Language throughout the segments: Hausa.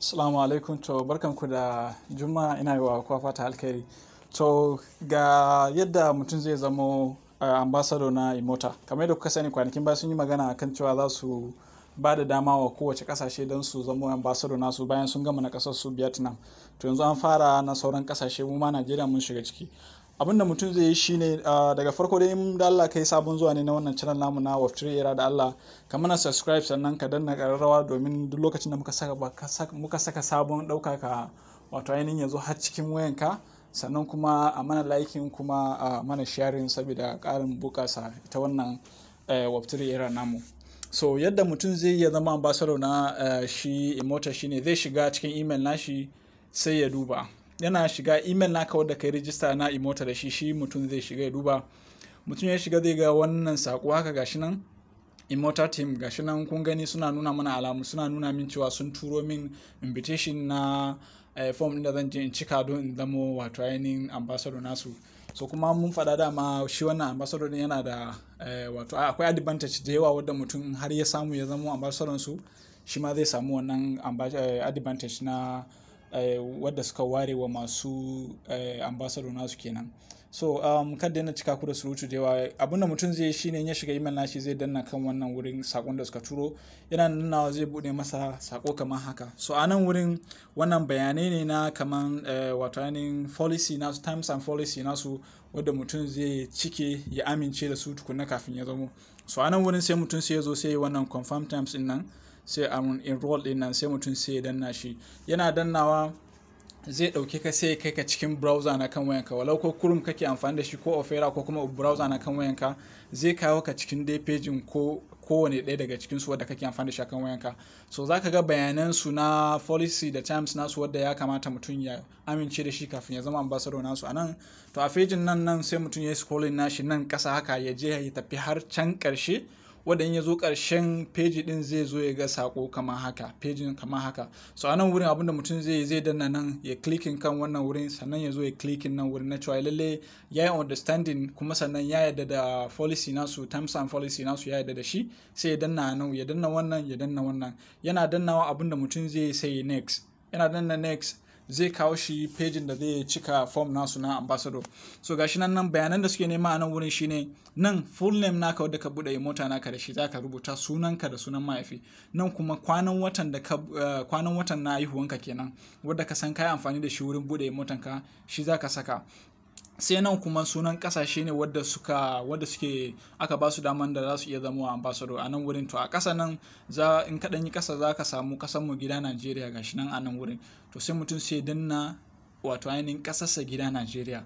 Assalamu alaikum to barkanku da juma'a ina yi wa kwafa fata alkhairi to ga yadda mutum zai zamo eh, ambassador na imota kamar yadda kuka sani kwanakin ba sun yi magana kan cewa za su ba da dama wa kowace kasashe don su zamo ambassador nasu bayan sun gama na kasar su vietnam to yanzu an fara na sauran kasashe mu ma najeriya mun shiga ciki Abin da mutum zai yi shine daga farko dai da Allah kai sabon zuwa ne na wannan channel namu na of three era da Allah ka mana subscribe sannan ka danna kararrawa domin duk lokacin da muka saka sabon dauka ka wato ainihin yanzu har cikin wayanka sannan kuma a mana liking kuma a mana sharing saboda karin bukasa ita wannan of three era namu so yadda mutum zai iya zama ambassador na shi emota shine zai shiga cikin email nashi sai ya duba yana shiga email naka wadda kai rijista na imota da shi shi mutum zai shiga ya duba mutum ya shiga zai ga wannan sako haka gashi nan imota team gashi nan kun gani suna nuna mana alamu suna nuna min cewa sun turo min invitation na eh, form din da zan je in cika don in zamo wato ainihin ambassador nasu so kuma mun faɗa dama shi wannan ambassador din yana da eh, wato akwai advantage da yawa wadda mutum har ya samu ya zamo ambassador su shi ma zai samu wannan eh, advantage na Eh, wadda suka ware wa masu eh, ambassador nasu kenan so um, kada na cika da surutu da yawa abinda mutum zai shi ne ya shiga email nashi zai danna kan wannan wurin sakon da suka turo yana nunawa zai bude masa sako kamar haka so a nan wurin wannan bayanai ne na kaman uh, wato yanin policy nasu times and policy nasu wadda mutum zai cike ya amince da su tukunna kafin ya zamo so a nan wurin sai mutum sai ya zo sai wannan confirm times din nan sai an enroll din nan sai mutum sai ya danna shi yana dannawa zai dauke ka sai kai ka cikin browser na kan wayanka walau ko kurum kake amfani da shi ko opera ko kuma browser na kan wayanka zai kawo ka cikin dai page ko kowane ɗaya daga cikin su wadda kake amfani da shi kan wayanka so za ka ga bayanan su na policy da terms nasu wadda ya kamata mutum ya amince da shi kafin ya zama ambassador nasu a nan to a fejin nan nan sai mutum ya yi scrolling nashi nan kasa haka ya je ya tafi har can karshe. wanda in ya zo ƙarshen peji ɗin zai zo ya ga sako kamar haka pejin kamar haka so a nan wurin abinda mutum zai zai danna nan ya klikin kan wannan wurin sannan ya zo ya klikin nan wurin na cewa lalle ya yi understanding kuma sannan ya yadda da policy nasu terms and policy nasu ya yadda da shi sai ya danna nan ya danna wannan ya danna wannan yana dannawa abinda mutum zai sai next yana danna next zai kawo shi pejin da zai cika form nasu na ambassador so gashi nan nan bayanan da suke nema a nan wurin shine nan full name naka wanda ka bude mota naka da shi zaka rubuta sunanka da sunan mahaifi nan kuma kwanan watan da ka eh, kwanan watan na haihuwanka kenan wanda ka san kai amfani da shi wurin bude motanka shi zaka saka sai nan kuma sunan kasashe ne wadda suka wadda suke aka ba su daman da za su iya zama ambassador a nan wurin to a ƙasa nan za in kaɗan yi ƙasa za ka samu ƙasar mu gida Najeriya gashi nan a nan wurin to sai mutum sai danna wato ainihin ƙasarsa gida Najeriya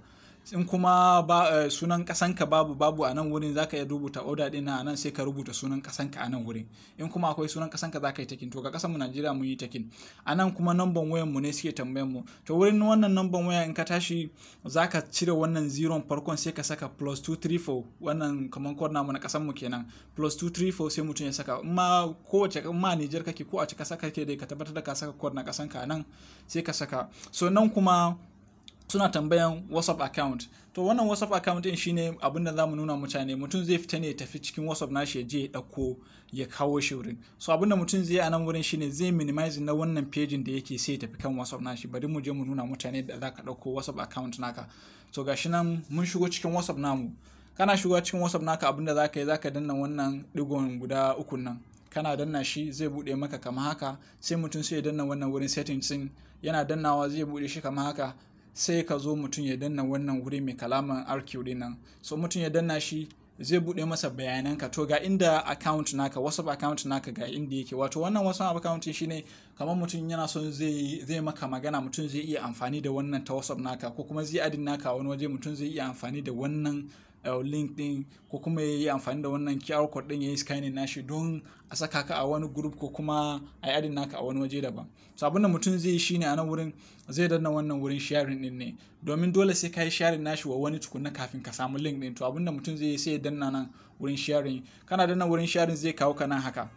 in kuma eh, sunan kasanka babu babu a nan wurin zaka iya rubuta oda din a nan sai ka rubuta sunan kasanka a nan wurin in kuma akwai sunan kasanka zaka yi takin to ga kasan mu Najeriya mun yi takin a nan kuma namban wayan mu ne suke tambayan mu to wurin wannan namban waya in ka tashi zaka cire wannan zero farkon sai ka saka plus 234 wannan kaman code namu na kasan mu kenan plus 234 sai mutum ya saka in ma kowace in ma Niger kake ko a cika saka kake dai ka tabbatar da ka saka code na kasanka a nan sai ka saka so nan kuma suna tambayan whatsapp account to wannan whatsapp account din shine abin da za mu nuna mutane mutum zai fita ne ya tafi cikin whatsapp nashi ya je ya dauko ya kawo shi wurin so abin da mutum zai a nan wurin shine zai minimize na wannan pejin da yake sai ya tafi kan whatsapp nashi bari mu je mu nuna mutane da za ka dauko whatsapp account naka to gashi nan mun shigo cikin whatsapp namu kana shigo cikin whatsapp naka abin da za ka yi za ka danna wannan digon guda uku nan kana danna shi zai bude maka kama haka sai mutum sai ya danna wannan wurin settings din yana dannawa zai bude shi kama haka sai ka zo mutum ya danna wannan wuri mai kalaman RQ dinnan so mutum ya danna shi zai buɗe masa bayanan ka to ga inda account naka whatsapp account naka ga inda yake wato wannan whatsapp account shine kamar mutum yana son zai zai maka magana mutum zai iya amfani da wannan ta whatsapp naka ko kuma zai adin naka wani waje mutum zai iya amfani da wannan Eh, link ko kuma ya yi amfani da wannan QR code din ya yi scanning nashi don a saka ka a wani group ko kuma a yi adin naka a wani waje daban so abin da mutum zai yi ne a nan wurin zai danna wannan wurin sharing din ne domin dole sai ka yi sharing nashi wa wani tukunna kafin ka samu link din to abin da mutum zai yi sai ya danna nan wurin sharing kana danna wurin sharing zai kawo ka nan haka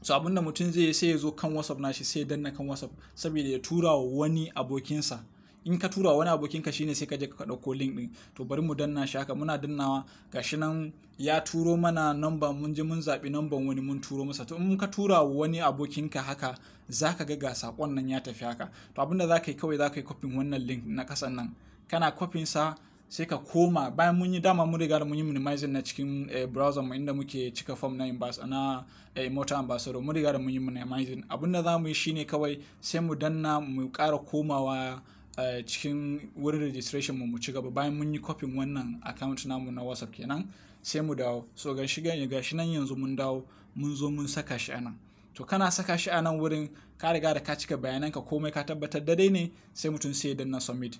so abin da mutum zai yi sai ya zo kan whatsapp nashi sai ya danna kan whatsapp saboda ya tura wa wani abokinsa in ka tura wani abokin ka shine sai ka je ka ɗauko link ɗin to bari mu danna shi haka muna dannawa gashi nan ya turo mana namba mun je mun zabi namban wani mun turo masa to in ka tura wani abokin ka haka zaka ga ga sakon nan ya tafi haka to abinda zaka yi kawai zaka yi kofin wannan link na kasan nan kana kofin sa sai ka koma bayan mun yi dama mun riga da mun yi minimizing na cikin eh, browser mu inda muke cika form na na eh, motor ambassador mun riga da mun yi minimizing abinda za mu yi shine kawai sai mu danna mu kara komawa a cikin wurin registration mu ci gaba bayan mun yi kofin wannan account namu na whatsapp kenan sai mu dawo so ga shi ga shi nan yanzu mun dawo mun zo mun saka shi anan to kana saka shi anan wurin ka riga da ka cika bayananka komai ka tabbatar da dai ne sai mutum sai ya danna submit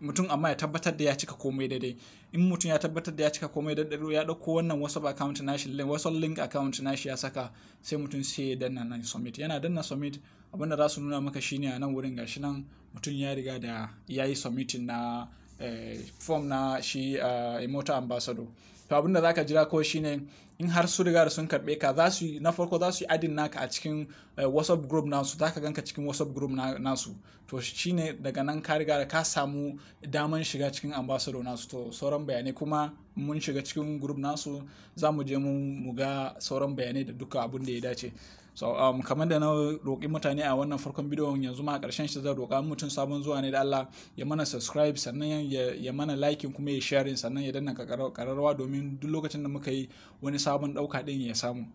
mutum amma ya tabbatar da ya cika komai daidai in mutum ya tabbatar da ya cika komai daidai ya dauko wannan wasu account nashi link wasu link account nashi ya saka sai mutum sai ya danna nan submit yana danna submit abinda za su nuna maka shine a nan wurin gashi nan mutum ya riga da ya yi submitting na Eh, form na shi eh, mota ambassador to abin da zaka jira ko shine in har su riga da sun karbe ka za su na farko za su yi adin naka a cikin eh, whatsapp group nasu za ka ganka cikin whatsapp group nasu to shine daga nan ka riga da ka samu daman shiga cikin ambassador nasu to sauran bayanai kuma mun shiga cikin group nasu za mu je mu ga sauran bayanai da duka abin da ya dace so um, kamar da na roƙi mutane a wannan farkon bidiyon yanzu ma a ƙarshen shi zan roƙa mutum sabon zuwa ne da Allah ya mana subscribe sannan ya, ya mana liking kuma ya sharing sannan ya danna ƙararrawa domin duk lokacin da muka yi wani sabon ɗauka ɗin ya samu